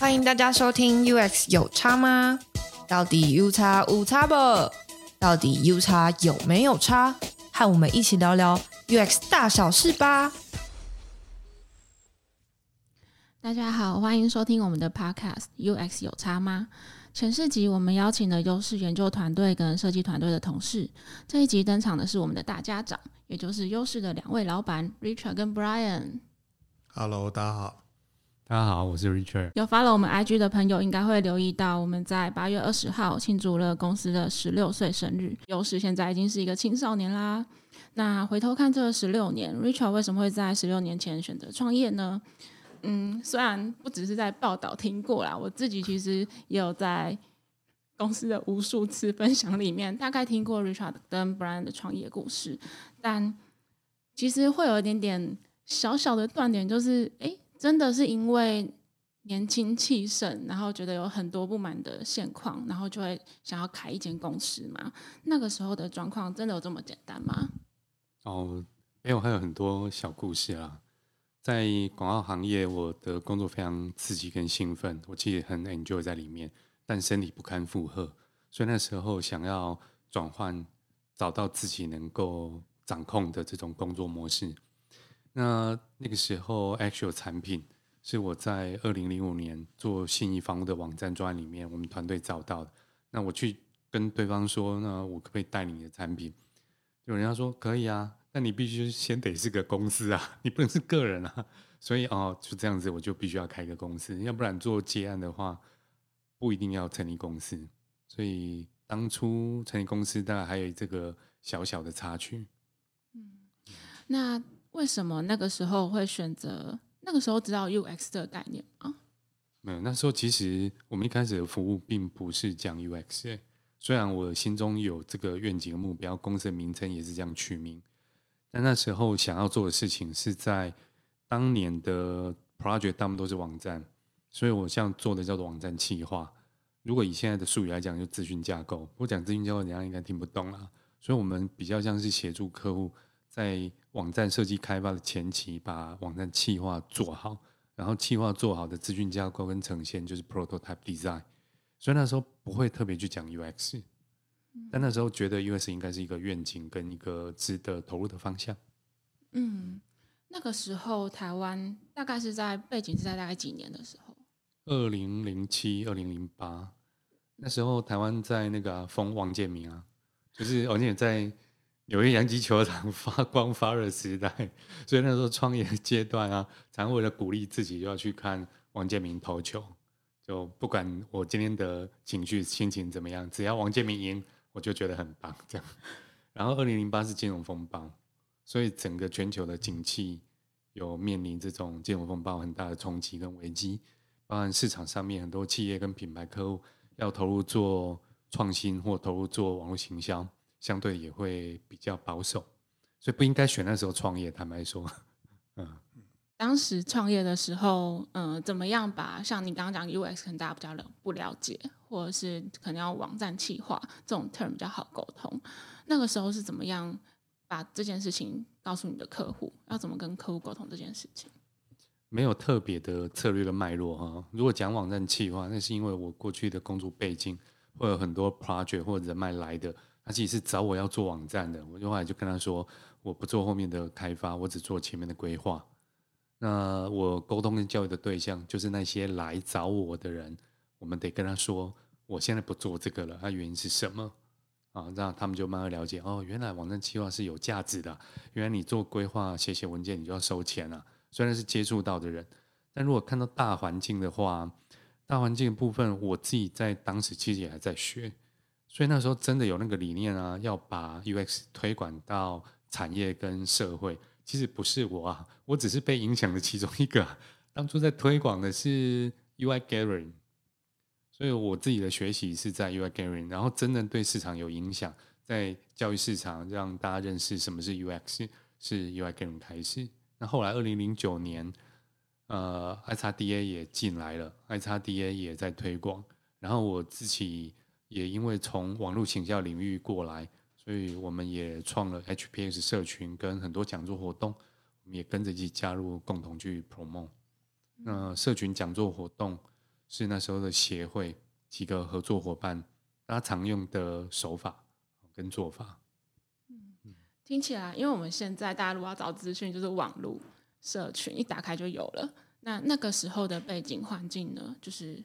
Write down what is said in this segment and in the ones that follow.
歡迎大家收聽 UX 有差嗎？到底 U 差無差不？到底 U 差有沒有差？和我們一起聊聊 UX 大小事吧！大家好，歡迎收聽我們的 Podcast UX 有差嗎？前四集我們邀請了優勢研究團隊跟設計團隊的同事，這一集登場的是我們的大家長，也就是優勢的兩位老闆 Richard 跟 Brian。Hello，大家好。大家、啊、好，我是 Richard。有 follow 我們 IG 的朋友應該會留意到，我們在八月二十號慶祝了公司的十六歲生日。有時現在已經是一個青少年啦。那回頭看這十六年，Richard 為什麼會在十六年前選擇創業呢？嗯，雖然不只是在報道聽過啦，我自己其實也有在公司的無數次分享裡面，大概聽過 Richard 跟 Brian 的創業故事，但其實會有一點點小小的斷點，就是誒。真的是因為年輕氣盛，然後覺得有很多不滿的現況，然後就會想要開一間公司嗎？那個時候的狀況真的有這麼簡單嗎？哦，沒有，還有很多小故事啦，啊。在廣告行業，我的工作非常刺激跟興奮，我其實很 enjoy 在裡面，但身體不堪負荷，所以那時候想要轉換，找到自己能夠掌控的這種工作模式。那那個時候，Axure 產品是我在二零零五年做信義房屋的網站專案裡面，我們團隊找到的。那我去跟對方說，那我可不可以代理你的產品，就有人家說可以啊。但你必須先得是個公司啊，你不能是個人啊。所以哦，就這樣子，我就必須要開個公司，要不然做接案的話，不一定要成立公司。所以當初成立公司，當然還有這個小小的插曲。嗯，那。為什麼那個時候會選擇？那個時候知道 UX 的概念嗎、啊？沒有、嗯，那時候其實我們一開始的服務並不是講 UX 的。雖然我心中有這個願景目標，公司的名稱也是這樣取名，但那時候想要做的事情是在當年的 project 大部分都是網站，所以我想做的叫做網站企劃。如果以現在的術語來講，就資訊架構。我講資訊架構，人家應該聽不懂了、啊。所以我們比較像是協助客戶。在網站設計開發的前期，把網站企劃做好，然後企劃做好的資訊架構跟呈現，就是 prototype design。所以那時候不會特別去講 UX，、嗯、但那時候覺得 UX 應該是一個願景跟一個值得投入的方向。嗯，那個時候台灣大概是在背景是在大概幾年的時候？二零零七、二零零八，那時候台灣在那個、啊、封王建民啊，就是王建民在。 有一洋基球場發光發熱時代，所以那時候創業階段啊，常為了鼓勵自己，就要去看王建民投球。就不管我今天的情緒心情怎麼樣，只要王建民贏，我就覺得很棒這樣。然後2008是金融風暴，所以整個全球的景氣有面臨這種金融風暴很大的衝擊跟危機，包含市場上面很多企業跟品牌客戶要投入做創新或投入做網絡行銷。相對也會比較保守，所以不應該選那時候創業。坦白說，嗯，當時創業的時候，嗯、呃，怎麼樣把像你剛剛講的 UX 可能大家比較了不了解，或者是可能要網站企劃這種 term 比較好溝通。那個時候是怎麼樣把這件事情告訴你的客戶？要怎麼跟客戶溝通這件事情？沒有特別的策略的脈絡哈、哦。如果講網站企劃，那是因為我過去的工作背景，會有很多 project 或者人脈來的。他其實是找我要做網站的，我後來就跟他說，我不做後面的開發，我只做前面的規劃。那我溝通跟教育的對象就是那些來找我的人，我們得跟他說，我現在不做這個了，他、啊、原因是什麼啊？那他們就慢慢了解，哦，原來網站計劃是有價值的，原來你做規劃、寫寫文件，你就要收錢啊。雖然是接觸到的人，但如果看到大環境的話，大環境的部分，我自己在當時其實也還在學。所以那時候真的有那個理念啊，要把 UX 推廣到產業跟社會。其實不是我啊，我只是被影響的其中一個。當初在推廣的是 UiGathering，所以我自己的學習是在 UiGathering。然後真的對市場有影響，在教育市場讓大家認識什麼是 UX，是 UiGathering 開始。那後，後來二零零九年，呃，IxDA 也進來了，IxDA 也在推廣。然後我自己。也因為從網絡請教領域過來，所以我們也創了 HPX 社群跟很多講座活動，我們也跟着一起加入，共同去 promote。那社群講座活動是那時候的協會幾個合作夥伴，大家常用的手法跟做法。嗯，聽起來，因為我們現在大家如果要找資訊，就是網絡社群一打開就有了。那那個時候的背景環境呢，就是。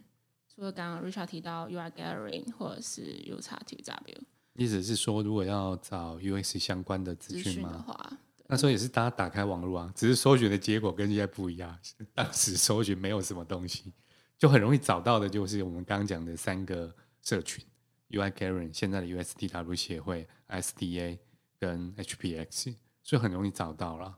就剛剛 Richard 提到 UiGathering 或者是 UXTW， 意思是說，如果要找 UX 相關的資訊，嗎資訊的話，那時候也是大家打開網絡啊，只是搜尋的結果跟現在不一樣。當時搜尋沒有什麼東西，就很容易找到的，就是我們剛剛講的三個社群：UiGathering，現在的 UXTW 協會、S D A 跟 H P X，所以很容易找到了。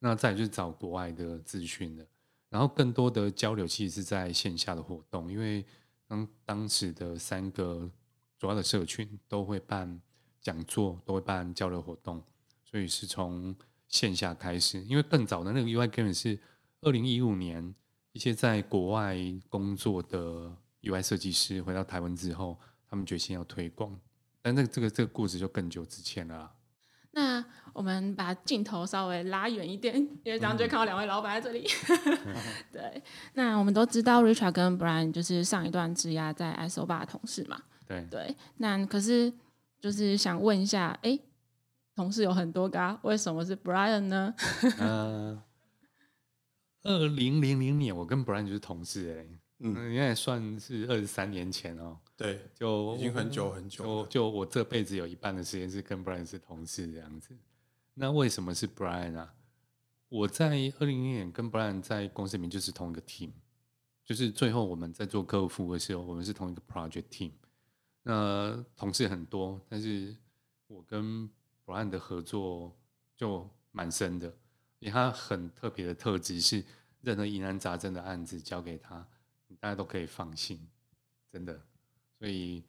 那再就是找國外的資訊的。然後更多的交流其實是在線下的活動，因為當當時的三個主要的社群都會辦講座，都會辦交流活動，所以是從線下開始。因為更早的那個 UiGathering 是二零一五年，一些在國外工作的 UI 設計師回到台灣之後，他們決心要推廣，但那這個這個故事就更久之前了啦。那我們把鏡頭稍微拉遠一點，因為剛剛就看到兩位老闆在這裡。嗯、 對，那我們都知道 Richard 跟 Brian 就是上一段職涯在 Isobar 的同事嘛。對對，那可是就是想問一下，哎、欸，同事有很多個，為什麼是 Brian 呢？ 呃，二零零零年我跟 Brian 就是同事、欸，哎、嗯，應該算是二十三年前哦。對，就我已經很久很久了就，就我這輩子有一半的時間是跟 Brian 是同事這樣子。那為什麼是 Brian 啊？我在二零零年跟 Brian 在公司裡面就是同一個 team，就是最後我們在做客戶服務的時候，我們是同一個 project team。那同事很多，但是我跟 Brian 的合作就蠻深的，因為他很特別的特質是，任何疑難雜症的案子交給他，你大家都可以放心，真的。所以，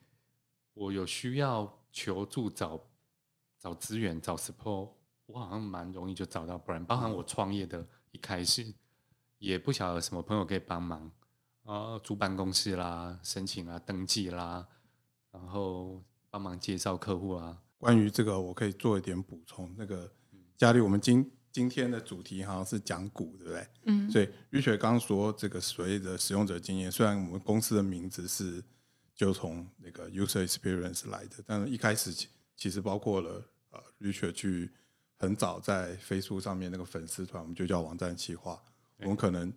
我有需要求助找找資源找 support，我好像蠻容易就找到。不然，包含我創業的一開始，也不曉得有什麼朋友可以幫忙啊，租辦公室啦、申請啊、登記啦，然後幫忙介紹客戶啊。關於這個，我可以做一點補充。那個嘉莉，我們今今天的主題好像是講古，對不對？嗯。所以於雪剛說，這個所謂的使用者經驗，雖然我們公司的名字是，就從那個 user experience 來的，但是一開始其實包括了呃 Richard 去很早在 Facebook 上面那個粉絲團，我們就叫網站企劃。Okay. 我們可能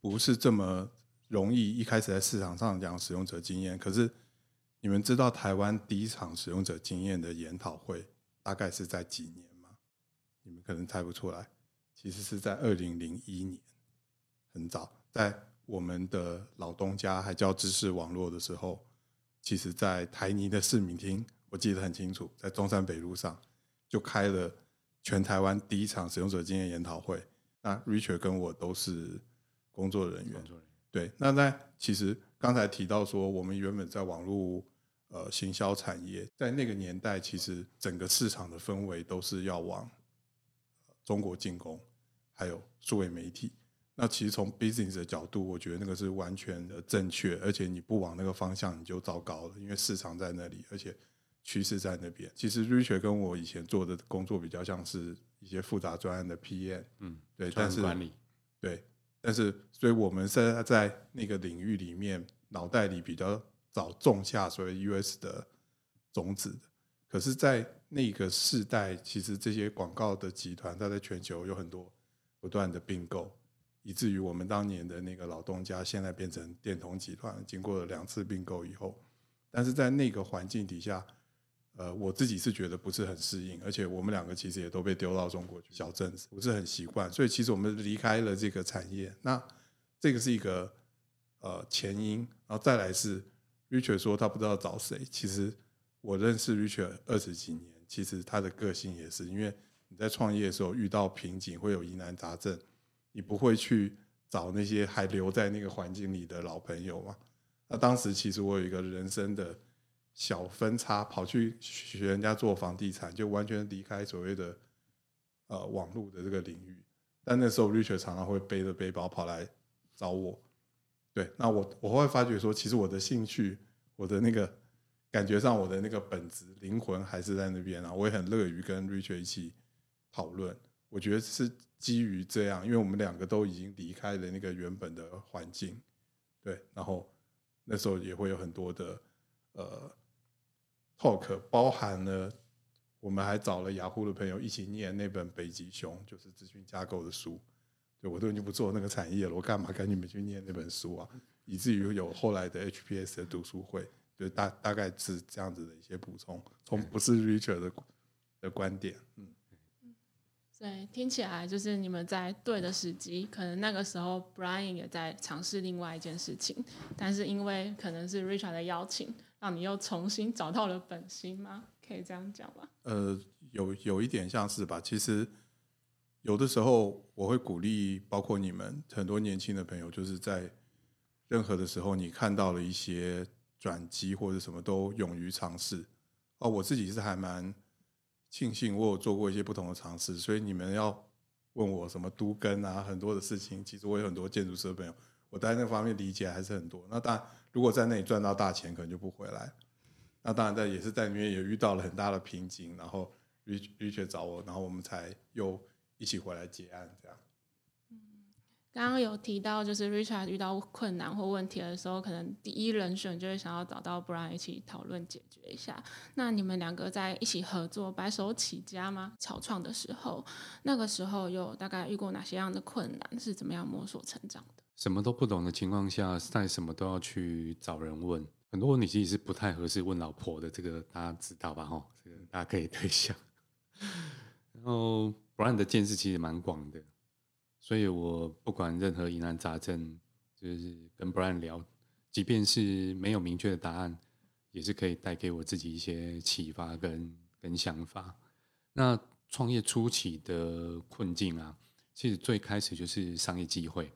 不是這麼容易一開始在市場上講使用者經驗，可是你們知道台灣第一場使用者經驗的研討會大概是在幾年嗎？你們可能猜不出來，其實是在二零零一年，很早在。我們的老東家還叫知識網絡的時候，其實，在台泥的市民廳，我記得很清楚，在中山北路上就開了全台灣第一場使用者經驗研討會。那 Richard 跟我都是工作人員。人員。對，那在其實剛才提到說，我們原本在網絡呃行銷產業，在那個年代，其實整個市場的氛圍都是要往中國進攻，還有數位媒體。那其實從 business 的角度，我覺得那個是完全的正確，而且你不往那個方向你就糟糕了，因為市場在那裡，而且趨勢在那邊。其實 Richard 跟我以前做的工作比較像是一些複雜專案的 PM，嗯，對，但是管理，對，但是所以我們現在在那個領域裡面，腦袋裡比較早種下所謂 UX 的種子的，可是在那個時代，其實這些廣告的集團它在全球有很多不斷的併購。以至於我們當年的那個老東家，現在變成電通集團，經過了兩次併購以後，但是在那個環境底下，呃，我自己是覺得不是很適應，而且我們兩個其實也都被丟到中國去，小鎮子不是很習慣，所以其實我們離開了這個產業。那這個是一個呃前因，然後再來是，Richard 說他不知道找誰。其實我認識 Richard 二十幾年，其實他的個性也是，因為你在創業的時候遇到瓶頸，會有疑難雜症。你不會去找那些還留在那個環境裡的老朋友嗎？那當時其實我有一個人生的小分叉，跑去學人家做房地產，就完全離開所謂的呃網絡的這個領域。但那時候，Richard 常常會背着背包跑來找我。對，那我我會發覺說，其實我的興趣、我的那個感覺上、我的那個本質、靈魂還是在那邊啊。我也很樂於跟 Richard 一起討論，我覺得是。基於這樣，因為我們兩個都已經離開了那個原本的環境，對，然後那時候也會有很多的呃 talk，包含了我們還找了雅虎、ah、的朋友一起念那本《北極熊》，就是資訊架、架構的書。對，我都已經不做那個產業了，我幹嘛跟你們去念那本書啊？以至於有後來的 HPX 的讀書會，就大大概是這樣子的一些補充，從不是 Richard 的的觀點，嗯對，聽起來就是你們在對的時機，可能那個時候 Bryan 也在嘗試另外一件事情，但是因為可能是 Richard 的邀請，讓你又重新找到了本心嗎？可以這樣講嗎？呃，有有一點像是吧。其實有的時候我會鼓勵，包括你們很多年輕的朋友，就是在任何的時候，你看到了一些轉機或者什麼都勇於嘗試。哦，我自己是還蠻。慶幸我有做過一些不同的嘗試，所以你們要問我什麼都根啊，很多的事情，其實我有很多建築師的朋友，我在那方面理解還是很多。那當然，如果在那裡賺到大錢，可能就不回來。那當然在也是在那裡面也遇到了很大的瓶頸，然後 Richard 找我，然後我們才又一起回來接案這樣。剛剛有提到，就是 Richard 遇到困難或問題的時候，可能第一人選就會想要找到 Bryan 一起討論解決一下。那你們兩個在一起合作，白手起家嗎？草創的時候，那個時候有大概遇過哪些樣的困難？是怎麼樣摸索成長的？什麼都不懂的情況下，在什麼都要去找人問。很多問題其實是不太合適問老婆的，這個大家知道吧？哦，這個大家可以對一下。然後 Bryan 的見識其實蠻廣的。所以我不管任何疑難雜症，就是跟 Bryan 聊，即便是沒有明確的答案，也是可以帶給我自己一些啟發跟跟想法。那創業初期的困境啊，其實最開始就是商業機會，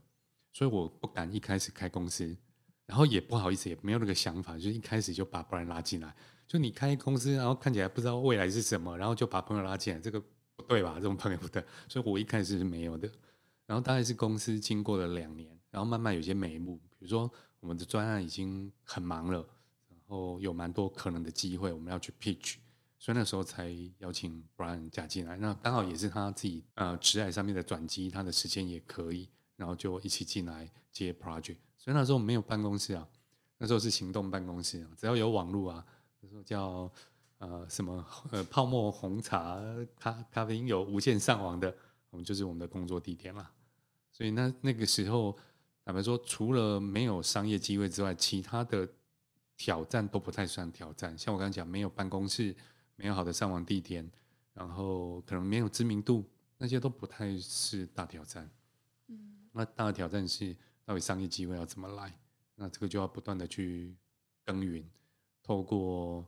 所以我不敢一開始開公司，然後也不好意思，也沒有那個想法，就是、一開始就把 Bryan 拉進來。就你開公司，然後看起來不知道未來是什麼，然後就把朋友拉進來，這個不對吧？這種朋友不對，所以我一開始是沒有的。然後大概是公司經過了兩年，然後慢慢有些眉目，比如說我們的專案已經很忙了，然後有蠻多可能的機會我們要去 pitch，所以那時候才邀請 Bryan 加進來。那剛好也是他自己呃職涯上面的轉機，他的時間也可以，然後就一起進來接 project。所以那時候沒有辦公室啊，那時候是行動辦公室啊，只要有網絡啊，那時候叫呃什麼呃泡沫紅茶咖咖啡廳有無線上網的。我們就是我們的工作地點了，所以那那個時候，坦白說，除了沒有商業機會之外，其他的挑戰都不太算挑戰。像我剛剛講，沒有辦公室，沒有好的上網地點，然後可能沒有知名度，那些都不太是大挑戰。嗯，那大的挑戰是到底商業機會要怎麼來？那這個就要不斷的去耕耘，透過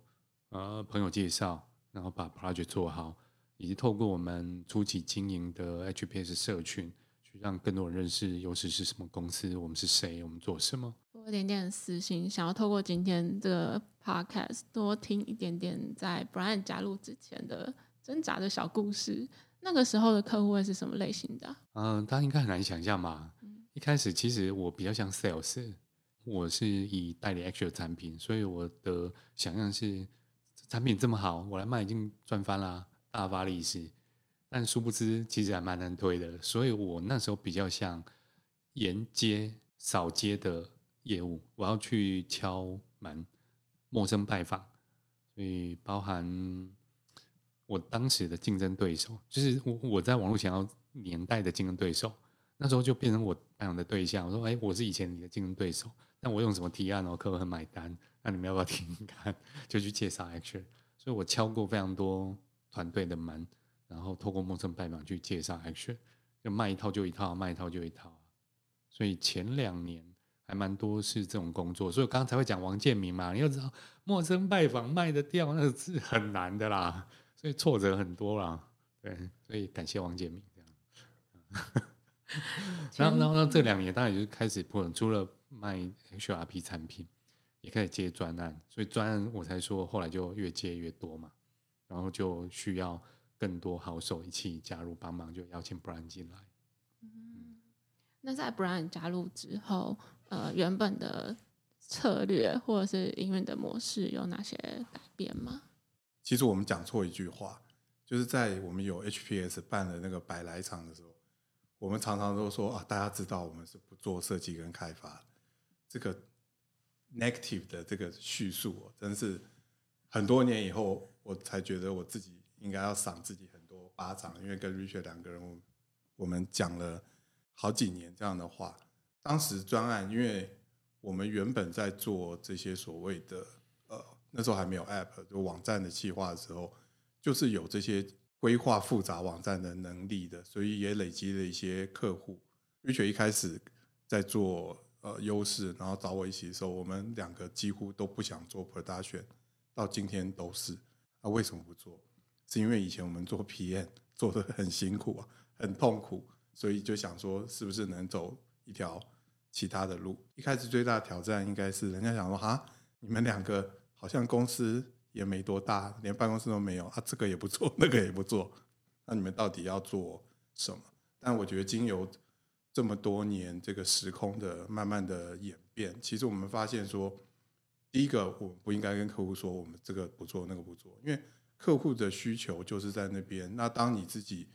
呃朋友介紹，然後把 project 做好。以及透過我們初期經營的 HPX 社群，去讓更多人認識悠識是什麼公司，我們是誰，我們做什麼。多一點點私心，想要透過今天的 Podcast 多聽一點點在 Brian 加入之前的掙扎的小故事。那個時候的客戶會是什麼類型的、啊？嗯，大家應該很難想象嘛。嗯、一開始其實我比較像 Sales，我是以代理 Axure 的產品，所以我的想象是產品這麼好，我來賣已經賺翻啦。大發利市，但殊不知其實還蠻難推的。所以我那時候比較像沿街掃街的業務，我要去敲門，陌生拜訪，所以包含我當時的競爭對手，就是我我在網絡想要年代的競爭對手，那時候就變成我拜訪的對象。我說：“哎、欸，我是以前你的競爭對手，但我用什麼提案，我客戶買單，那你們要不要聽，聽看？”就去介紹。其實所以我敲過非常多，團隊的門，然後透過陌生拜訪去介紹 Axure 就賣一套就一套，賣一套就一套。所以前兩年還蠻多是這種工作，所以剛剛才會講王建明嘛，你要知道陌生拜訪賣得掉那是很難的啦，所以挫折很多啦。對，所以感謝王建明這樣。嗯、 然後，然後，然後這兩年當然就是開始 p ing，除了賣 Axure RP 產品，也開始接專案，所以專案我才說後來就越接越多嘛。然後就需要更多好手一起加入幫忙，就邀請 Bryan 進來。嗯，那在 Bryan 加入之後，呃，原本的策略或者是營運的模式有哪些改變嗎？其實我們講錯一句話，就是在我們有 HPX 辦的那個百來場的時候，我們常常都說啊，大家知道我們是不做設計跟開發，這個 negative 的這個敘述、哦，真是很多年以後。我才覺得我自己應該要賞自己很多巴掌，因為跟 Richard 兩個人，我我們講了好幾年這樣的話。當時專案，因為我們原本在做這些所謂的呃那時候還沒有 app 就網站的企劃的時候，就是有這些規劃複雜網站的能力的，所以也累積了一些客戶。Richard 一開始在做呃悠識，然後找我一起的時候，我們兩個幾乎都不想做 production，到今天都是。那、啊、為什麼不做？是因為以前我們做體驗做得很辛苦啊，很痛苦，所以就想說是不是能走一條其他的路？一開始最大的挑戰應該是人家想說哈，你們兩個好像公司也沒多大，連辦公室都沒有啊，這個也不做，那個也不做，那你們到底要做什麼？但我覺得經由這麼多年這個時空的慢慢的演變，其實我們發現說。第一個，我們不應該跟客戶說，我們這個不做，那個不做，因為客戶的需求就是在那邊。那當你自己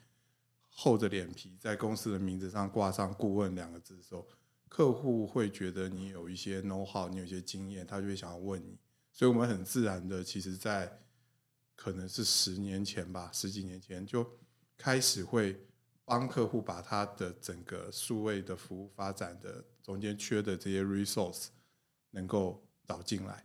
厚着臉皮在公司的名字上掛上「顧問」兩個字的時候，客戶會覺得你有一些 know how，你有一些經驗，他就會想要問你。所以，我們很自然的，其實在可能是十年前吧，十幾年前就開始會幫客戶把他的整個數位的服務發展的中間缺的這些 resource 能夠。找進來，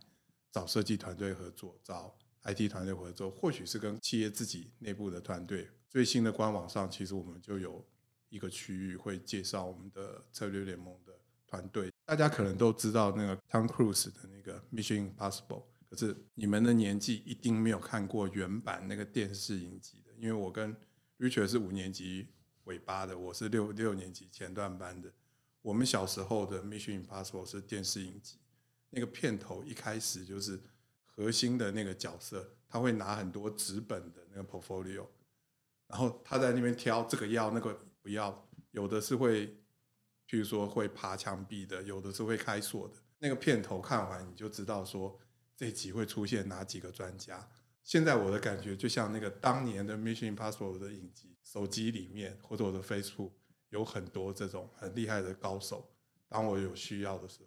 找設計團隊合作，找 IT 團隊合作，或許是跟企業自己內部的團隊。最新的官網上，其實我們就有一個區域會介紹我們的策略聯盟的團隊。大家可能都知道那個 Tom Cruise 的那個 Mission Impossible，可是你們的年紀一定沒有看過原版那個電視影集的，因為我跟 Richard 是五年級尾巴的，我是六六年級前段班的，我們小時候的 Mission Impossible 是電視影集。那個片頭一開始就是核心的那個角色，他會拿很多紙本的那個 portfolio，然後他在那邊挑這個要那個不要，有的是會，譬如說會爬牆壁的，有的是會開鎖的。那個片頭看完你就知道說這集會出現哪幾個專家。現在我的感覺就像那個當年的 Mission Impossible 的影集，手機裡面或者我的 Facebook 有很多這種很厲害的高手，當我有需要的時候。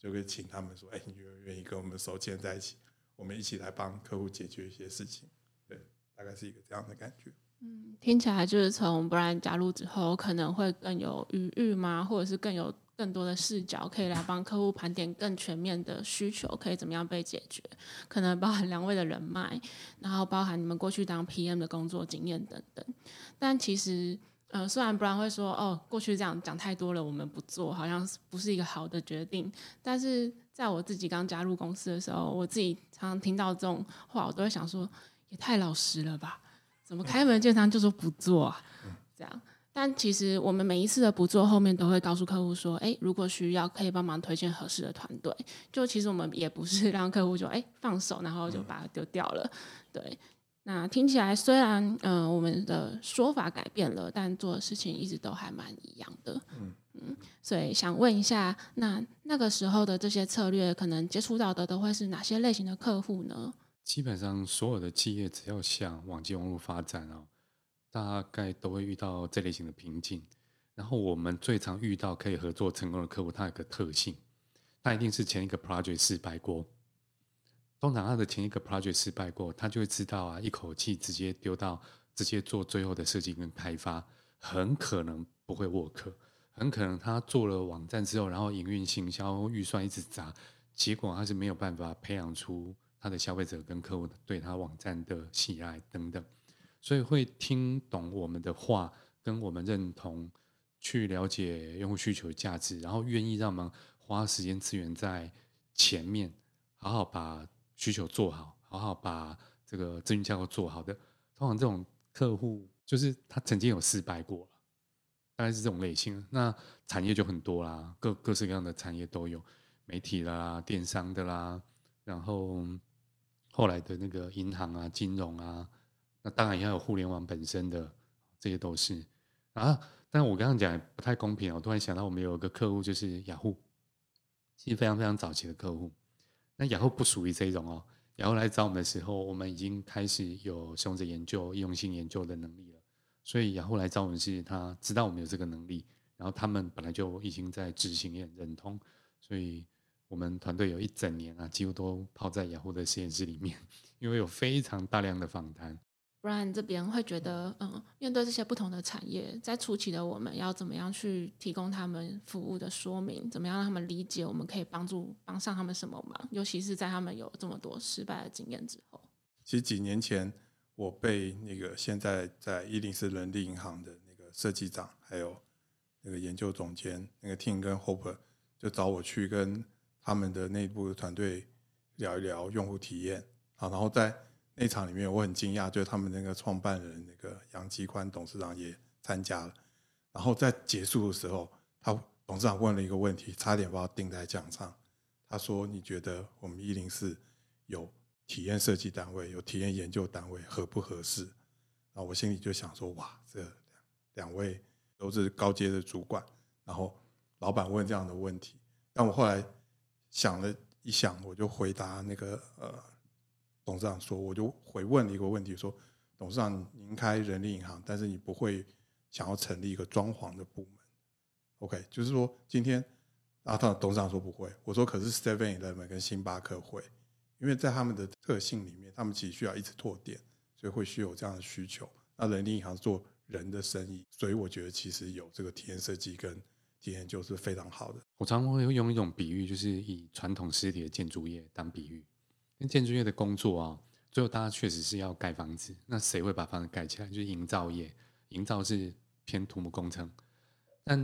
就可以請他們說：“哎，你願不願意跟我們手牽在一起？我們一起來幫客戶解決一些事情。”對，大概是一個這樣的感覺。嗯，聽起來就是從 Bryan 加入之後，可能會更有餘裕嗎？或者是更有更多的視角，可以來幫客戶盤點更全面的需求，可以怎麼樣被解決？可能包含兩位的人脈，然後包含你們過去當 PM 的工作經驗等等。但其實。呃，雖然不然會說哦，過去這樣講太多了，我們不做好像是不是一個好的決定。但是在我自己剛加入公司的時候，我自己常常聽到這種話，我都會想說，也太老實了吧？怎麼開門見山就說不做啊？這樣。但其實我們每一次的不做，後面都會告訴客戶說，哎，如果需要可以幫忙推薦合適的團隊。就其實我們也不是讓客戶就哎放手，然後就把它丟掉了，嗯，對。那聽起來雖然，嗯、呃，我們的說法改變了，但做的事情一直都還蠻一樣的。嗯嗯，所以想問一下，那那個時候的這些策略，可能接觸到的都會是哪些類型的客戶呢？基本上，所有的企業只要想往金融路發展哦，大概都會遇到這類型的瓶頸。然後，我們最常遇到可以合作成功的客戶，它有個特性，他一定是前一個 project 失敗過。通常他的前一個 project 失敗過，他就會知道啊，一口氣直接丟到直接做最後的設計跟開發，很可能不會 work，很可能他做了網站之後，然後營運行銷預算一直砸，結果他是沒有辦法培養出他的消費者跟客戶對他網站的喜愛等等，所以會聽懂我們的話，跟我們認同，去了解用戶需求價值，然後願意讓我們花時間資源在前面，好好把需求做好，好好把這個資訊架構做好的。通常這種客戶就是他曾經有失敗過，大概是這種類型。那產業就很多啦，各各式各樣的產業都有，媒體啦、電商的啦，然後後來的那個銀行啊、金融啊，那當然要有互聯網本身的，這些都是啊。但我剛剛講也不太公平，我突然想到我們有一個客戶就是雅虎，是非常非常早期的客戶。那雅虎不屬於這一種哦，雅虎來找我們的時候，我們已經開始有使用者研究、應用性研究的能力了，所以雅虎來找我們是他知道我們有這個能力，然後他們本來就已經在執行也很認同，所以我們團隊有一整年啊，幾乎都泡在雅虎的實驗室裡面，因為有非常大量的訪談。不然這邊會覺得，嗯，面對這些不同的產業，在初期的我們要怎麼樣去提供他們服務的說明？怎麼樣讓他們理解我們可以幫助幫上他們什麼忙？尤其是在他們有這麼多失敗的經驗之後。其實幾年前，我被那個現在在伊林斯人力銀行的那個設計長，還有那個研究總監，那個 Tin 跟 Hope 就找我去跟他們的內部團隊聊一聊用戶體驗，好，然後再。那場裡面，我很驚訝，就是他們那個創辦人那個楊基寬董事長也參加了，然後在結束的時候，他董事長問了一個問題，差點把我定在講上。他說：“你覺得我們一零四有體驗設計單位，有體驗研究單位，合不合適？”然後我心裡就想說：“哇，這兩位都是高階的主管，然後老闆問這樣的問題。”但我後來想了一想，我就回答那個呃。董事長說，我就回問了一個問題，說：“董事長，您開人力銀行，但是你不會想要成立一個裝潢的部門，OK？就是說，今天，阿、啊、後董事長說不會。我說，可是7-11跟星巴克會，因為在他們的特性裡面，他們其實需要一直拓店，所以會需要這樣的需求。那人力銀行做人的生意，所以我覺得其實有這個體驗設計跟體驗就是非常好的。我常常會用一種比喻，就是以傳統實體的建築業當比喻。”建築業的工作啊，最後大家確實是要蓋房子。那誰會把房子蓋起來？就是營造業。營造是偏土木工程，但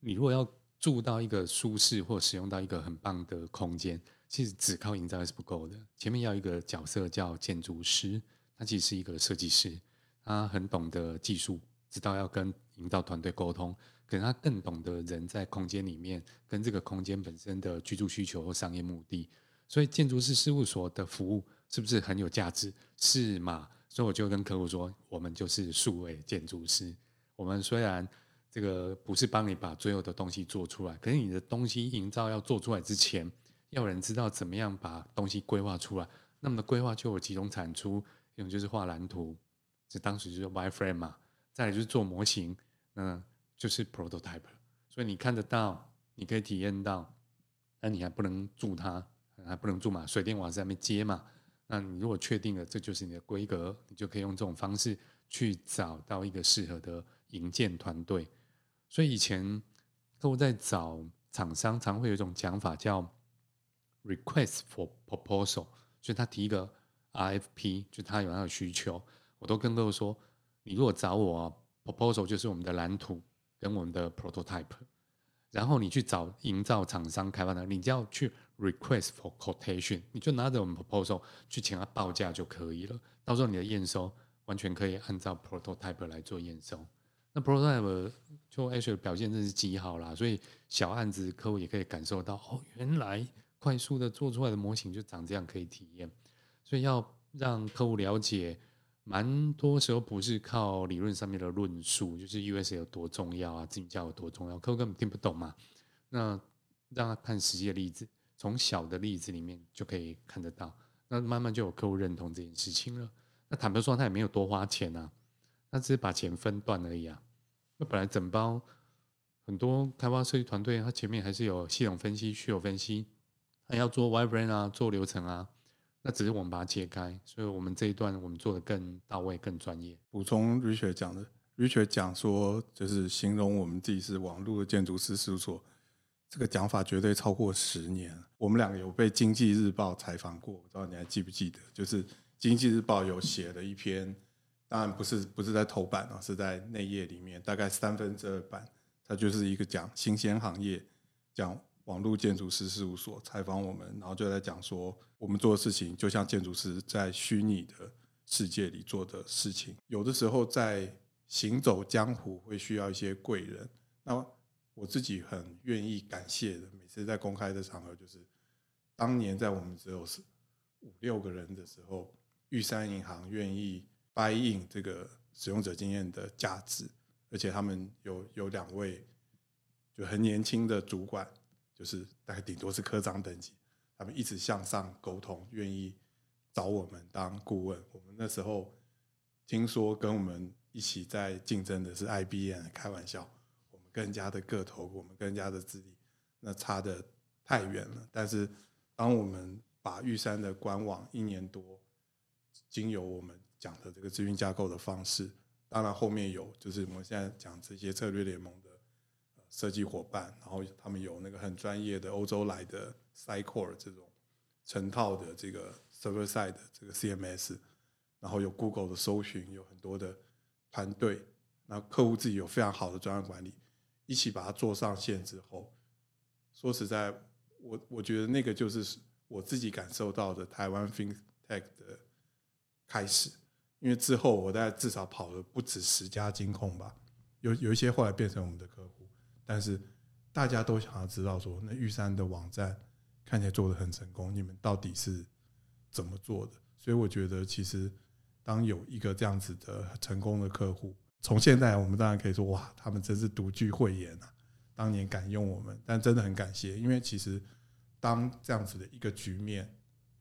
你如果要住到一個舒適或使用到一個很棒的空間，其實只靠營造是不夠的。前面要一個角色叫建築師，他其實是一個設計師，他很懂得技術，知道要跟營造團隊溝通。可是他更懂得人在空間裡面跟這個空間本身的居住需求或商業目的。所以建築師事務所的服務是不是很有價值？是嘛？所以我就跟客戶說，我們就是數位建築師。我們雖然這個不是幫你把最後的東西做出來，可是你的東西營造要做出來之前，要有人知道怎麼樣把東西規劃出來。那麼的規劃就有幾種產出，一種就是畫藍圖，這當時就是 wireframe 嘛；再來就是做模型，嗯，就是 prototype。所以你看得到，你可以體驗到，但你還不能住它。啊，不能住嘛，水電網在那邊接嘛？那你如果確定了，這就是你的規格，你就可以用這種方式去找到一個適合的營建團隊。所以以前客戶在找廠商，常會有一種講法叫 request for proposal，所以他提一個 RFP，就他有那個需求。我都跟客戶說，你如果找我 proposal 就是我們的藍圖跟我們的 prototype，然後你去找營造廠商開發的，你就要去。Request for quotation，你就拿着我們 proposal 去請他報價就可以了。到時候你的驗收完全可以按照 prototype 來做驗收。那 prototype 就 actually 表現真是極好了，所以小案子客戶也可以感受到哦，原來快速的做出來的模型就長這樣，可以體驗。所以要讓客戶了解，蠻多時候不是靠理論上面的論述，就是 USA 有多重要啊，定價有多重要，客戶根本聽不懂嘛。那讓他看實際的例子。從小的例子裡面就可以看得到，那慢慢就有客戶認同這件事情了。那坦白說，他也沒有多花錢啊，他只是把錢分段而已啊。那本來整包很多開發設計團隊，他前面還是有系統分析、需求分析，還要做 wireframe 啊、做流程啊。那只是我們把它切開，所以我們這一段我們做的更到位、更專業。補充 Richard 講的，Richard 講說，就是形容我們自己是網絡的建築師事務所。這個講法絕對超過十年。我們兩個有被《經濟日報》採訪過，不知道你還記不記得？就是《經濟日報》有寫了一篇，當然不是不是在頭版啊，是在內頁裡面，大概三分之二版。它就是一個講新鮮行業，講網絡建築師事務所採訪我們，然後就在講說我們做的事情，就像建築師在虛擬的世界裡做的事情。有的時候在行走江湖會需要一些貴人，那麼。我自己很願意感謝的，每次在公開的場合，就是當年在我們只有四五六個人的時候，玉山銀行願意 buy in 這個使用者經驗的價值，而且他們有有兩位就很年輕的主管，就是大概頂多是科長等級，他們一直向上溝通，願意找我們當顧問。我們那時候聽說跟我們一起在競爭的是 IBM，開玩笑。更加的個頭，我們更加的自立，那差的太遠了。但是，當我們把玉山的官網一年多，經由我們講的這個資訊架構的方式，當然後面有就是我們現在講這些策略聯盟的設計夥伴，然後他們有那個很專業的歐洲來的 Sitecore 這種成套的這個 Server Side 的這個 CMS，然後有 Google 的搜尋，有很多的團隊，那客戶自己有非常好的專案管理。一起把它做上線之後，說實在，我我覺得那個就是我自己感受到的台灣 FinTech 的開始。因為之後我大概至少跑了不止十家金控吧，有有一些後來變成我們的客戶，但是大家都想要知道說，那玉山的網站看起來做得很成功，你們到底是怎麼做的？所以我覺得其實當有一個這樣子的成功的客戶。從現在我們當然可以說哇，他們真是獨具慧眼啊！當年敢用我們，但真的很感謝，因為其實當這樣子的一個局面，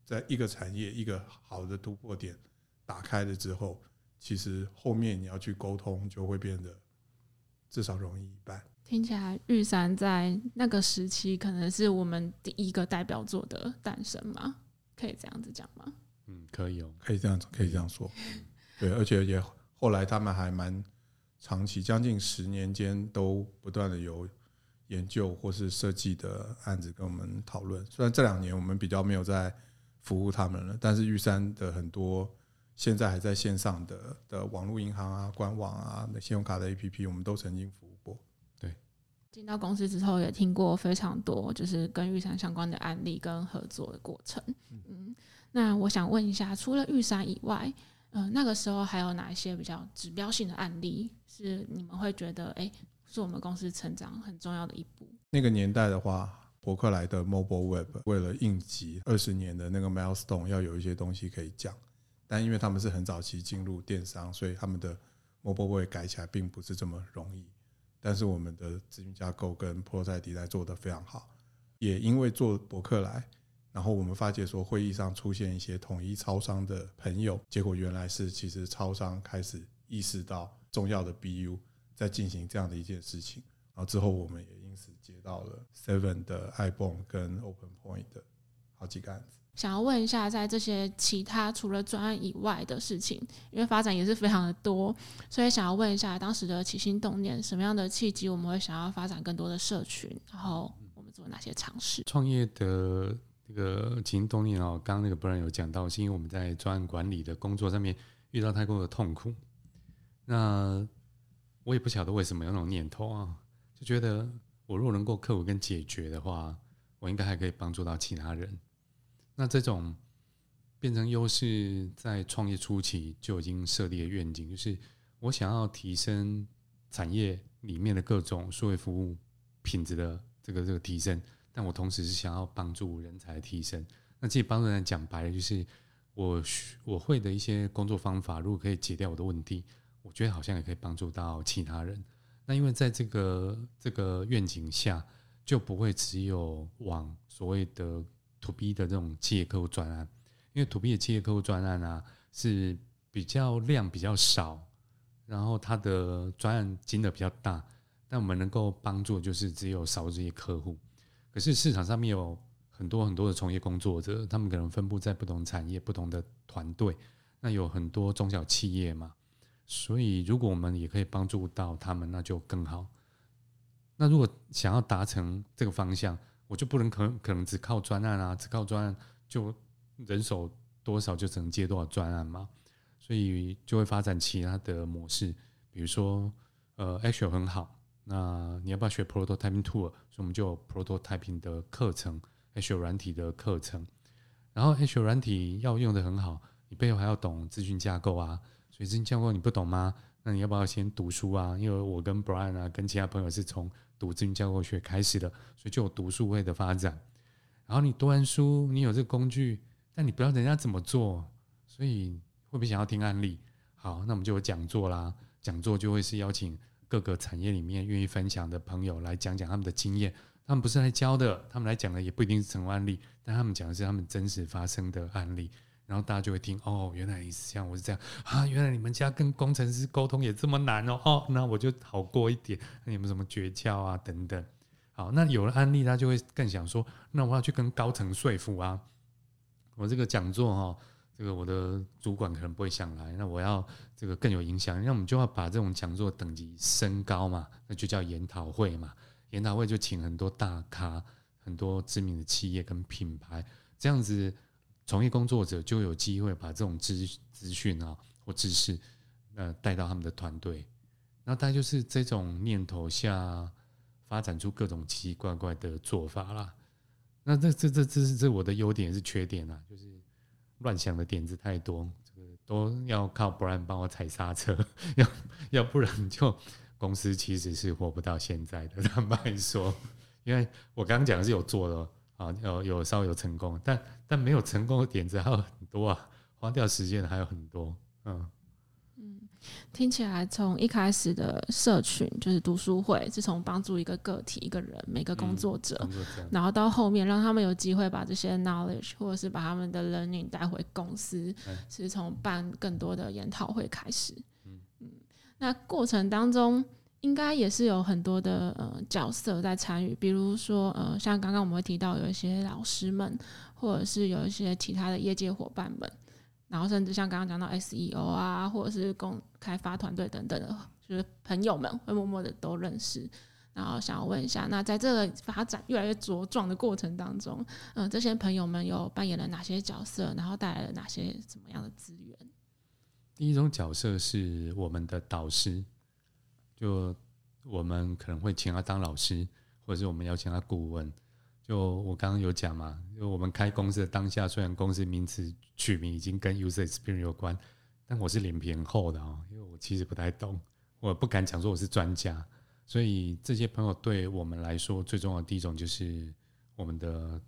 在一個產業一個好的突破點打開了之後，其實後面你要去溝通就會變得至少容易一半。聽起來玉山在那個時期可能是我們第一個代表作的誕生嗎？可以這樣子講嗎？嗯，可以哦，可以這樣子，可以這樣說。對，而且也後來他們還蠻。長期將近十年間都不斷地有研究或是設計的案子跟我們討論。雖然這兩年我們比較沒有在服務他們了，但是玉山的很多現在還在線上的的網絡銀行啊、官網啊、那信用卡的 APP，我們都曾經服務過。對，進到公司之後也聽過非常多就是跟玉山相關的案例跟合作的過程。嗯，嗯，那我想問一下，除了玉山以外。嗯，那個時候還有哪一些比較指標性的案例是你們會覺得，誒，是我們公司成長很重要的一步？那個年代的話，博客來的 Mobile Web 為了應急二十年的那個 Milestone 要有一些東西可以講，但因為他們是很早期進入電商，所以他們的 Mobile Web 改起來並不是這麼容易。但是我們的資訊架構跟 Protege 在做得非常好，也因為做博客來。然後我們發覺說，會議上出現一些統一超商的朋友，結果原來是其實超商開始意識到重要的 BU 在進行這樣的一件事情。然後之後我們也因此接到了 Seven 的 ibon 跟 Open Point 的好幾個案子。想要問一下，在這些其他除了專案以外的事情，因為發展也是非常的多，所以想要問一下當時的起心動念，什麼樣的契機我們會想要發展更多的社群？然後我們做哪些嘗試？創業的。One, 剛剛那個情動力哦，剛剛那個 Bryan 有講到，是因為我們在專案管理的工作上面遇到太多的痛苦。那我也不曉得為什麼有那種念頭啊，就覺得我如果能夠克服跟解決的話，我應該還可以幫助到其他人。那這種變成優勢，在創業初期就已經設立願景，就是我想要提升產業裡面的各種數位服務品質的這個這個提升。但我同時是想要幫助人才提升，那這幫助人講白了就是我我會的一些工作方法，如果可以解掉我的問題，我覺得好像也可以幫助到其他人。那因為在這個這個願景下，就不會只有往所謂的 to B 的這種企業客戶專案，因為 to B 的企業客戶專案啊是比較量比較少，然後它的專案金額比較大，但我們能夠幫助就是只有少數這些客戶。可是市場上面有很多很多的從業工作者，他們可能分布在不同產業、不同的團隊。那有很多中小企業嘛，所以如果我們也可以幫助到他們，那就更好。那如果想要達成這個方向，我就不能可可能只靠專案啊，只靠專案就人手多少就只能接多少專案嘛，所以就會發展其他的模式，比如說呃，Action 很好。那你要不要學 prototyping tool？所以我們就有 prototyping 的課程，Axure 軟體的課程。然後 Axure 軟體要用得很好，你背後還要懂資訊架構啊。所以資訊架構你不懂嗎？那你要不要先讀書啊？因為我跟 Bryan 啊，跟其他朋友是從讀資訊架構學開始的，所以就有讀書會的發展。然後你讀完書，你有這個工具，但你不知道人家怎麼做，所以會不會想要聽案例？好，那我們就有講座啦。講座就會是邀請。各個產業裡面願意分享的朋友來講講他們的經驗，他們不是來教的，他們來講的也不一定是成功案例，但他們講的是他們真實發生的案例，然後大家就會聽哦，原來也是這樣，我是這樣啊，原來你們家跟工程師溝通也這麼難哦，哦，那我就好過一點，你們有沒有什麼訣竅啊等等，好，那有了案例，他就會更想說，那我要去跟高層說服啊，我這個講座哈。這個我的主管可能不會想來，那我要這個更有影響，那我們就要把這種講座等級升高嘛，那就叫研討會嘛。研討會就請很多大咖、很多知名的企業跟品牌，這樣子，從業工作者就有機會把這種資資訊啊或知識，呃帶到他們的團隊。那大家就是這種念頭下發展出各種奇奇怪怪的做法啦。那這這這這是這我的優點是缺點啊，就是。亂想的點子太多，這個都要靠 Bryan 幫我踩剎車，要要不然就公司其實是活不到現在的。坦白說，因為我剛剛講的是有做的，有有稍微有成功，但但沒有成功的點子還有很多啊，花掉時間的還有很多。嗯嗯。聽起來，從一開始的社群就是讀書會，是從幫助一個個體、一個人、每個工作者，嗯、然後到後面讓他們有機會把這些 knowledge 或者是把他們的 learning 帶回公司，欸、是從辦更多的研討會開始。嗯，嗯，那過程當中應該也是有很多的呃角色在參與，比如說呃，像剛剛我們會提到有一些老師們，或者是有一些其他的業界夥伴們。然後甚至像剛剛講到 SEO 啊，或者是跟開發團隊等等的，就是朋友們會默默的都認識。然後想要問一下，那在這個發展越來越茁壯的過程當中，嗯，這些朋友們有扮演了哪些角色？然後帶來了哪些怎麼樣的資源？第一種角色是我們的導師，就我們可能會請他當老師，或者是我們邀請他顧問。就我剛剛有講嘛，因為我們開公司的當下，雖然公司名詞取名已經跟 user experience 有關，但我是臉皮很厚的哦。因為我其實不太懂，我也不敢講說我是專家，所以這些朋友對我們來說最重要的第一種就是我們的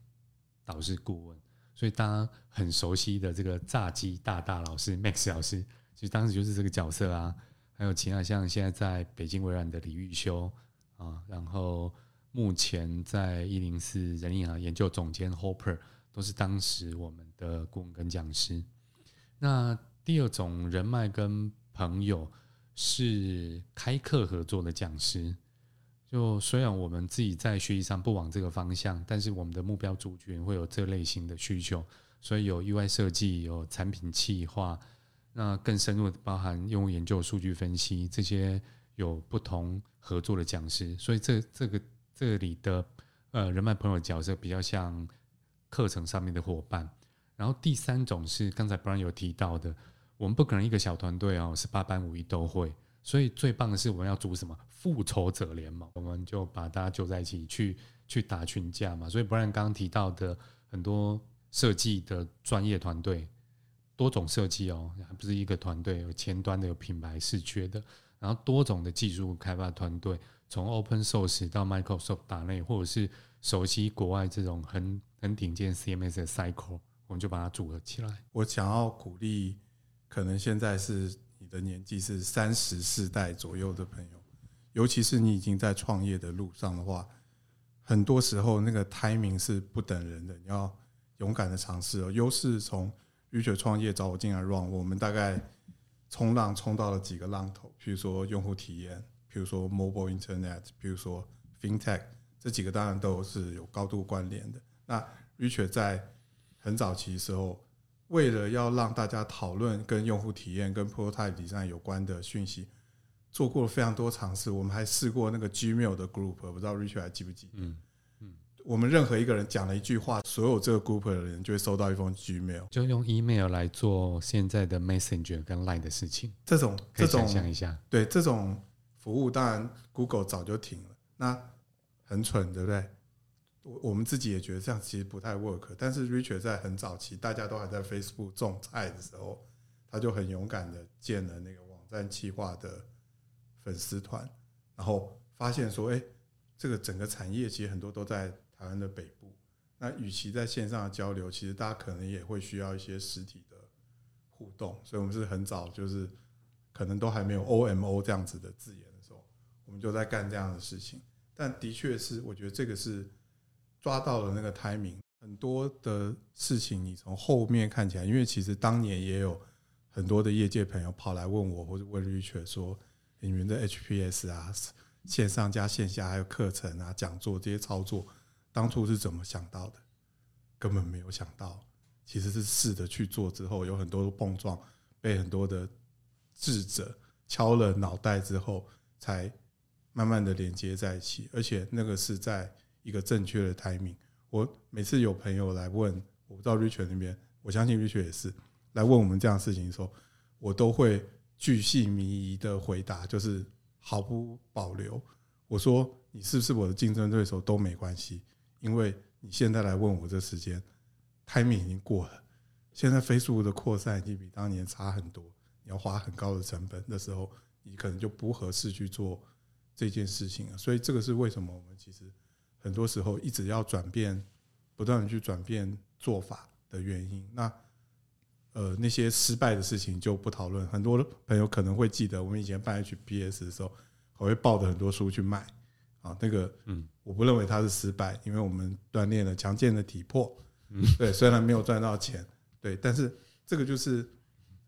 導師顧問，所以大家很熟悉的這個炸雞大大老師 Max 老師，其實當時就是這個角色啊，還有其他像現在在北京微軟的李玉修啊，然後。目前在一零四人力銀行研究總監 Hopper 都是當時我們的顧問跟講師。那第二種人脈跟朋友是開課合作的講師。就雖然我們自己在學習上不往這個方向，但是我們的目標族群會有這類型的需求，所以有 UI 設計、有產品企劃，那更深入的包含用戶研究、數據分析，這些有不同合作的講師。所以這這個。這裡的呃人脈朋友的角色比較像課程上面的夥伴，然後第三種是剛才 Brian 有提到的，我們不可能一個小團隊哦，是十八般武藝都會，所以最棒的是我們要組什麼復仇者聯盟，我們就把大家揪在一起去去打群架嘛。所以 Brian 剛剛提到的很多設計的專業團隊，多種設計哦，不是一個團隊，有前端的，有品牌視覺的，然後多種的技術開發團隊。從 Open Source 到 Microsoft .NET，或者是熟悉國外這種很很頂尖 CMS 的 Cycle，我們就把它組合起來。我想要鼓勵，可能現在是你的年紀是三十四代左右的朋友，尤其是你已經在創業的路上的話，很多時候那個 timing 是不等人的，你要勇敢的嘗試哦。優勢從悠識創業找我進來 run，我們大概衝浪衝到了幾個浪頭，譬如說用戶體驗。比如說 mobile internet，比如說 fintech，這幾個當然都是有高度關聯的。那 Richard 在很早期的時候，為了要讓大家討論跟用戶體驗、跟 prototype design 有關的訊息，做過了非常多嘗試。我們還試過那個 Gmail 的 group，不知道 Richard 還記不記得，嗯？嗯嗯。我們任何一個人講了一句話，所有這個 group 的人就會收到一封 Gmail，就用 email 來做現在的 messenger 跟 line 的事情。這種可以想象一下，對這種。對這種服務當然，Google 早就停了，那很蠢，對不對？我我們自己也覺得這樣其實不太 work。但是 Richard 在很早期，大家都還在 Facebook 種菜的時候，他就很勇敢的建了那個網站企劃的粉絲團，然後發現說，誒，這個整個產業其實很多都在台灣的北部。那與其在線上的交流，其實大家可能也會需要一些實體的互動。所以，我們是很早就是可能都還沒有 OMO 這樣子的字眼。我們就在幹這樣的事情，但的確是，我覺得這個是抓到了那個 timing 很多的事情你從後面看起來，因為其實當年也有很多的業界朋友跑來問我，或者問 Richard 說：“你們的 HPX 啊，線上加線下還有課程啊、講座這些操作，當初是怎麼想到的？”根本沒有想到，其實是試着去做之後，有很多碰撞，被很多的智者敲了腦袋之後才。慢慢的連接在一起，而且那個是在一個正確的 timing。我每次有朋友來問，我不知道 r i c h r 那邊，我相信 r i c h r 也是來問我們這樣的事情，的時候，我都會巨細迷疑的回答，就是毫不保留。我說，你是不是我的競爭對手都沒關係，因為你現在來問我這時間 timing 已經過了，現在飛速的擴散已經比當年差很多，你要花很高的成本，那時候你可能就不合適去做。這件事情啊，所以這個是為什麼我們其實很多時候一直要轉變，不斷的去轉變做法的原因。那呃，那些失敗的事情就不討論。很多朋友可能會記得，我們以前辦 HPX 的時候，我會抱着很多書去賣啊。那個嗯，我不認為它是失敗，因為我們鍛鍊了強健的體魄。嗯，對，雖然沒有賺到錢，對，但是這個就是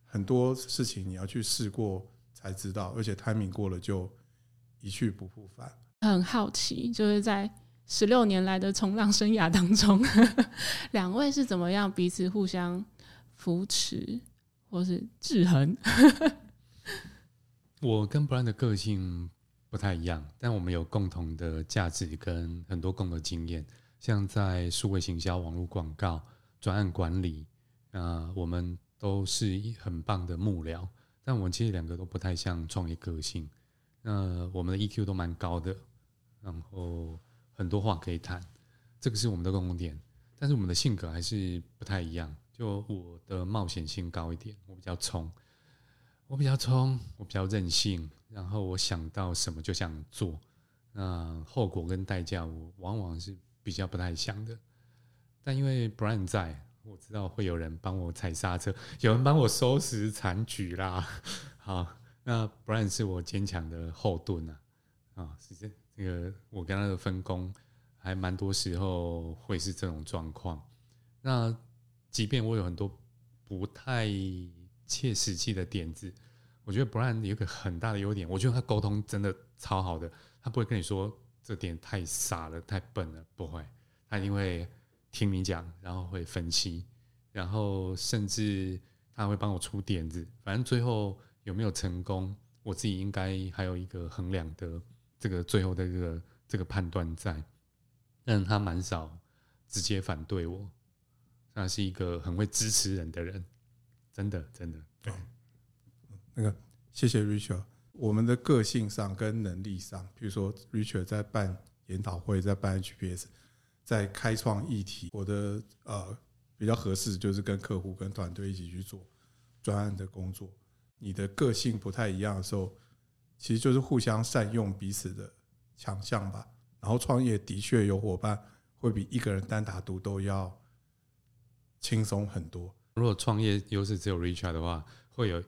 很多事情你要去試過才知道，而且 timing 過了就。一去不復返。很好奇，就是在十六年來的衝浪生涯當中， 兩位是怎麼樣彼此互相扶持，或是制衡 ？我跟 Bryan 的個性不太一樣，但我們有共同的價值跟很多共同經驗，像在數位行銷、網絡廣告、專案管理，那、呃、我們都是很棒的幕僚。但我們其實兩個都不太像創業個性。那我們的 EQ 都蠻高的，然後很多話可以談，這個是我們的共同點。但是我們的性格還是不太一樣。就我的冒險性高一點，我比較衝，我比較衝，我比較任性。然後我想到什麼就想做，那後果跟代價我往往是比較不太想的。但因為 Bryan 在，我知道會有人幫我踩剎車，有人幫我收拾殘局啦。好。那 Bryan 是我堅強的後盾啊，啊，是這這個我跟他的分工，還蠻多時候會是這種狀況。那即便我有很多不太切實際的點子，我覺得 Bryan 有個很大的優點，我覺得他溝通真的超好的，他不會跟你說這點太傻了、太笨了，不會，他一定會聽你講，然後會分析，然後甚至他會幫我出點子，反正最後。有沒有成功？我自己應該還有一個衡量的這個最後的一個這個判斷在。但他蠻少直接反對我，他是一個很會支持人的人，真的真的對。那個謝謝 Richard，我們的個性上跟能力上，比如說 Richard 在辦研討會，在辦 HPX，在開創議題，我的呃比較合適就是跟客戶跟團隊一起去做專案的工作。你的個性不太一樣的時候，其實就是互相善用彼此的強項吧。然後創業的確有夥伴，會比一個人單打獨鬥要輕鬆很多。如果創業優勢只有 Richard 的話，會有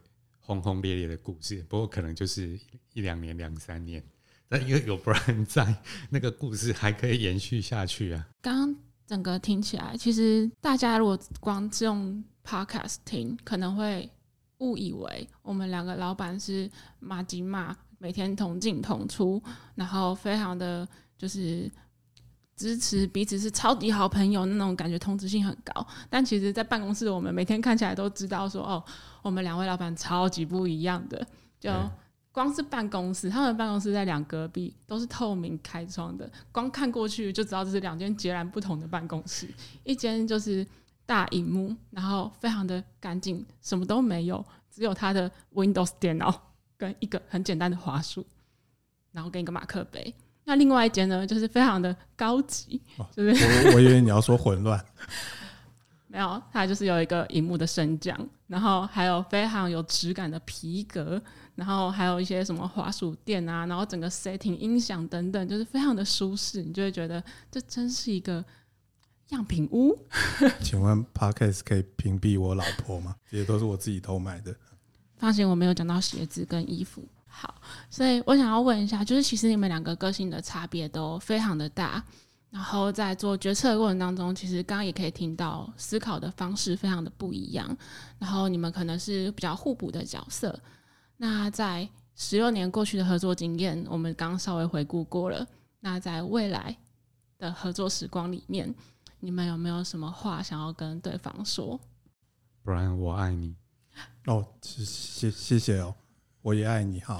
轟轟烈烈的故事，不過可能就是一兩年、兩三年。但因為有 Bryan 在，那個故事還可以延續下去啊。剛剛整個聽起來，其實大家如果光用 Podcast 聽，可能會。誤以為我們兩個老闆是麻吉嘛，每天同進同出，然後非常的就是支持彼此，是超級好朋友那種感覺，同質性很高。但其實，在辦公室，我們每天看起來都知道說，哦，我們兩位老闆超級不一樣的。就光是辦公室，他們的辦公室在兩隔壁，都是透明開窗的，光看過去就知道這是兩間截然不同的辦公室，一間就是。大熒幕，然後非常的乾淨，什麼都沒有，只有它的 Windows 電腦跟一個很簡單的滑鼠，然後跟一個馬克杯。那另外一間呢，就是非常的高級，哦，是不是？我，我以為你要說混亂， 沒有，它就是有一個熒幕的升降，然後還有非常有質感的皮革，然後還有一些什麼滑鼠墊啊，然後整個 setting 音響等等，就是非常的舒適，你就會覺得這真是一個。樣品屋， 請問 Podcast 可以屏蔽我老婆嗎？這些都是我自己偷買的。放心，我沒有講到鞋子跟衣服。好，所以我想要問一下，就是其實你們兩個個性的差別都非常的大，然後在做決策的過程當中，其實剛剛也可以聽到思考的方式非常的不一樣，然後你們可能是比較互補的角色。那在十六年過去的合作經驗，我們剛稍微回顧過了。那在未來的合作時光裡面，你們有沒有什麼話想要跟對方說？Bryan，我愛你哦，oh, 謝謝,謝謝哦，我也愛你哈。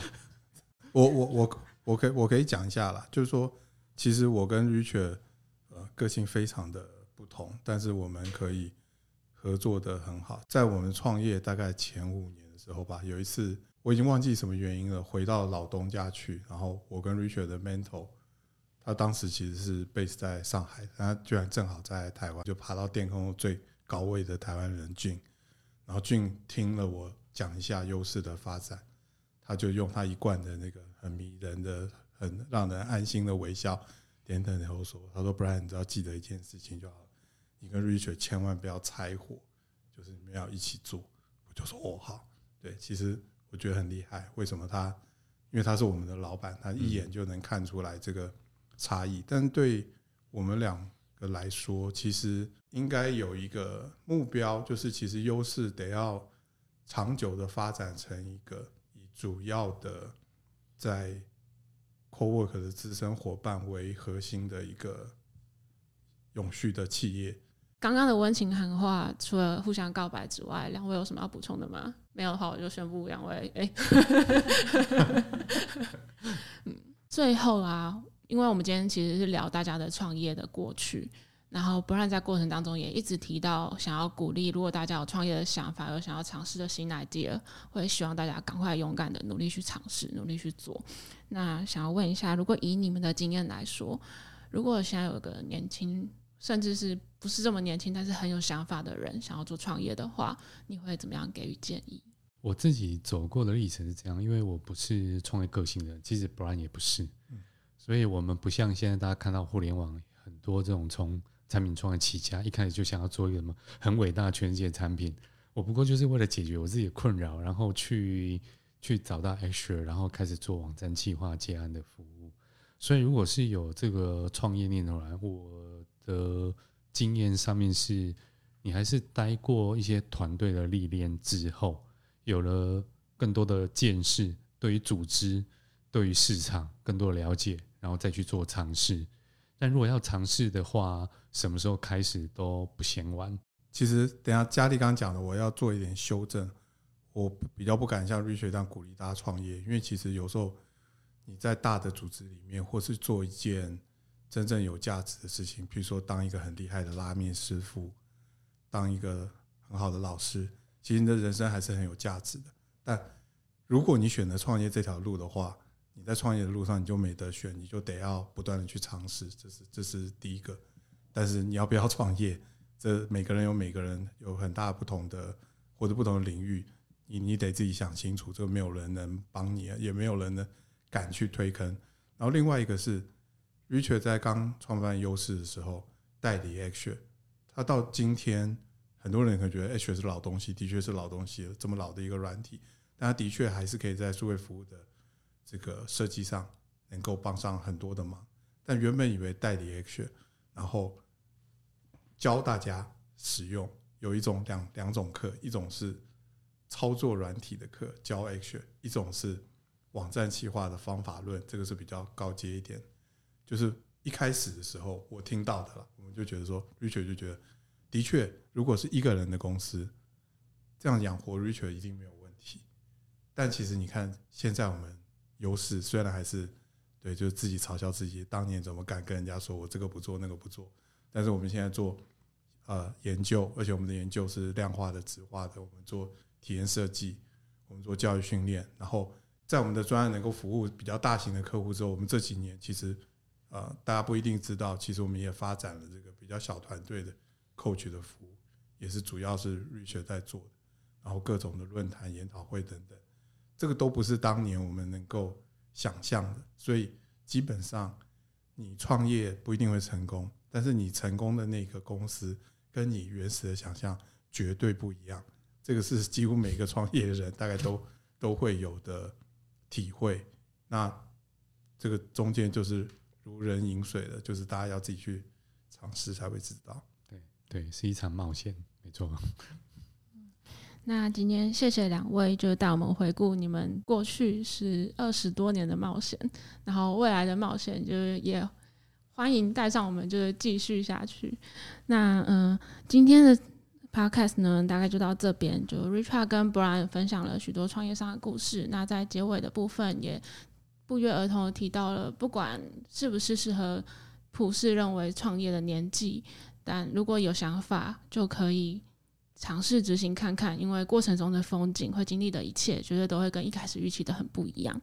我我我我可以我可以講一下啦。就是說，其實我跟 Richard 呃個性非常的不同，但是我們可以合作的很好。在我們創業大概前五年的時候吧，有一次我已經忘記什麼原因了，回到老東家去，然後我跟 Richard 的 mentor。他當時其實是 base 在上海，他居然正好在台灣，就爬到電通最高位的台灣人俊，然後俊聽了我講一下悠識的發展，他就用他一貫的那個很迷人的、很讓人安心的微笑，點頭，然後說：“他說 Bryan，你只要記得一件事情就好，你跟 Richard 千萬不要拆夥，就是你們要一起做。”我就說：“哦，好。”對，其實我覺得很厲害，為什麼他？因為他是我們的老板，他一眼就能看出來這個。差異，但對我們兩個來說，其實應該有一個目標，就是其實悠識得要長久的發展成一個以主要的在 cowork 的資深夥伴為核心的一個永續的企業。剛剛的溫情談話，除了互相告白之外，兩位有什麼要補充的嗎？沒有的話，我就宣布兩位，誒，最後啊。因為我們今天其實是聊大家的創業的過去，然後 Brian 在過程當中也一直提到，想要鼓勵如果大家有創業的想法，有想要嘗試的新 idea，會希望大家趕快勇敢的努力去嘗試，努力去做。那想要問一下，如果以你們的經驗來說，如果現在有一個年輕，甚至是不是這麼年輕，但是很有想法的人，想要做創業的話，你會怎麼樣給予建議？我自己走過的歷程是這樣，因為我不是創業個性的，其實 Brian 也不是。所以我們不像現在大家看到互聯網很多這種從產品創業起家，一開始就想要做一個什麼很偉大的全世界產品。我不過就是為了解決我自己的困擾，然後去去找到 Axure，然後開始做網站企劃接案的服務。所以，如果是有這個創業念頭來，我的經驗上面是，你還是待過一些團隊的歷練之後，有了更多的見識，對於組織、對於市場更多的了解。然後再去做嘗試，但如果要嘗試的話，什麼時候開始都不嫌晚。其實等，等下嘉莉剛剛講的，我要做一點修正。我比較不敢像 Richard 這樣鼓勵大家創業，因為其實有時候你在大的組織裡面，或是做一件真正有價值的事情，比如說當一個很厲害的拉麵師傅，當一個很好的老師，其實你的人生還是很有價值的。但如果你選擇創業這條路的話，你在創業的路上，你就沒得選，你就得要不斷的去嘗試，這是這是第一個。但是你要不要創業，這每個人有每個人有很大的不同的或者不同的領域，你你得自己想清楚，這個沒有人能幫你，也沒有人能敢去推坑。然後另外一個是 Richard 在剛創辦悠識的時候代理 Axure，他到今天很多人可能覺得 Axure 是老東西，的確是老東西，這麼老的一個軟體，但他的確還是可以在數位服務的。這個設計上能夠幫上很多的忙，但原本以為代理 Axure，然後教大家使用，有一種兩兩種課，一種是操作軟體的課教 Axure；一種是網站企劃的方法論，這個是比較高階一點。就是一開始的時候我聽到的了，我們就覺得說，Richard 就覺得，的確，如果是一個人的公司，這樣養活 Richard 一定沒有問題。但其實你看現在我們。悠識雖然還是對，就是自己嘲笑自己，當年怎麼敢跟人家說我這個不做那個不做？但是我們現在做呃研究，而且我們的研究是量化的、質化的。我們做體驗設計，我們做教育訓練。然後在我們的專業能夠服務比較大型的客戶之後，我們這幾年其實呃大家不一定知道，其實我們也發展了這個比較小團隊的 coach 的服務，也是主要是 Richard 在做的。然後各種的論壇、研討會等等。這個都不是當年我們能夠想象的，所以基本上你創業不一定會成功，但是你成功的那個公司跟你原始的想象絕對不一樣，這個是幾乎每個創業的人大概都都會有的體會。那這個中間就是如人飲水的，就是大家要自己去嘗試才會知道。對，對，是一場冒險，沒錯。那今天謝謝兩位，就帶我們回顧你們過去是二十多年的冒險，然後未來的冒險就是也歡迎帶上我們就是繼續下去。那嗯、呃，今天的 Podcast 呢，大概就到這邊。就 Richard 跟 Bryan 分享了許多創業上的故事，那在結尾的部分也不約而同提到了，不管是不是適合普世認為創業的年紀，但如果有想法就可以。嘗試執行看看，因為過程中的風景會經歷的一切，絕對都會跟一開始預期的很不一樣。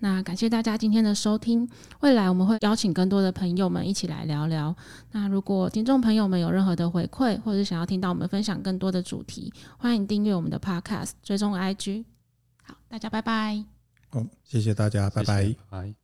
那感謝大家今天的收聽，未來我們會邀請更多的朋友們一起來聊聊。那如果聽眾朋友們有任何的回饋，或者想要聽到我們分享更多的主題，歡迎訂閱我們的 podcast，追蹤 IG。好，大家拜拜。好、哦，謝謝大家，謝謝，拜拜，拜拜。